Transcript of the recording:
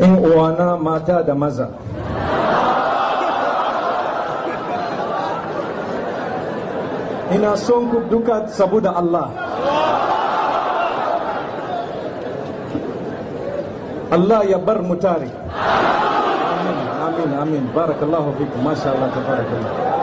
'yan uwana mata da maza ina son ku duka saboda Allah Allah ya bar mu amin amin amin barakallahu fikum masha Allah tabarakallah